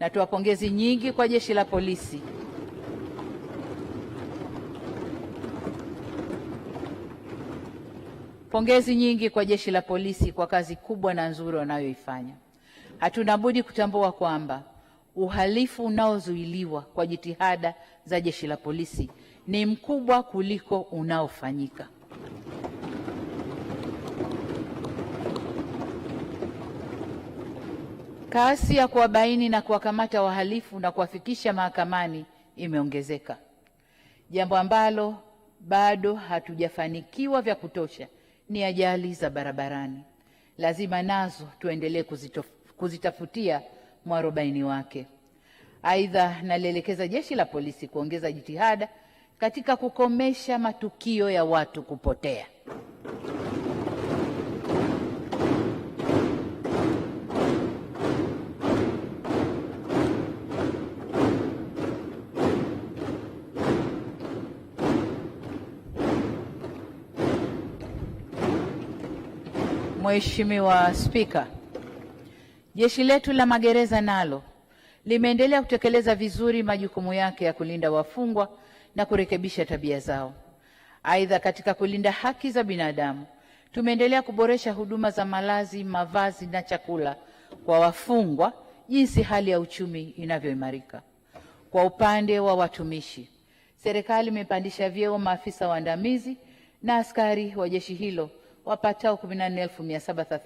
Natoa pongezi nyingi kwa jeshi la polisi pongezi nyingi kwa jeshi la polisi kwa kazi kubwa na nzuri wanayoifanya. Hatuna budi kutambua kwamba uhalifu unaozuiliwa kwa jitihada za jeshi la polisi ni mkubwa kuliko unaofanyika. Kasi ya kuwabaini na kuwakamata wahalifu na kuwafikisha mahakamani imeongezeka, jambo ambalo bado hatujafanikiwa vya kutosha ni ajali za barabarani. Lazima nazo tuendelee kuzitafutia mwarobaini wake. Aidha, nalielekeza Jeshi la Polisi kuongeza jitihada katika kukomesha matukio ya watu kupotea. Mheshimiwa Spika, jeshi letu la magereza nalo limeendelea kutekeleza vizuri majukumu yake ya kulinda wafungwa na kurekebisha tabia zao. Aidha, katika kulinda haki za binadamu tumeendelea kuboresha huduma za malazi, mavazi na chakula kwa wafungwa jinsi hali ya uchumi inavyoimarika. Kwa upande wa watumishi, serikali imepandisha vyeo maafisa waandamizi na askari wa jeshi hilo wapatao 14,730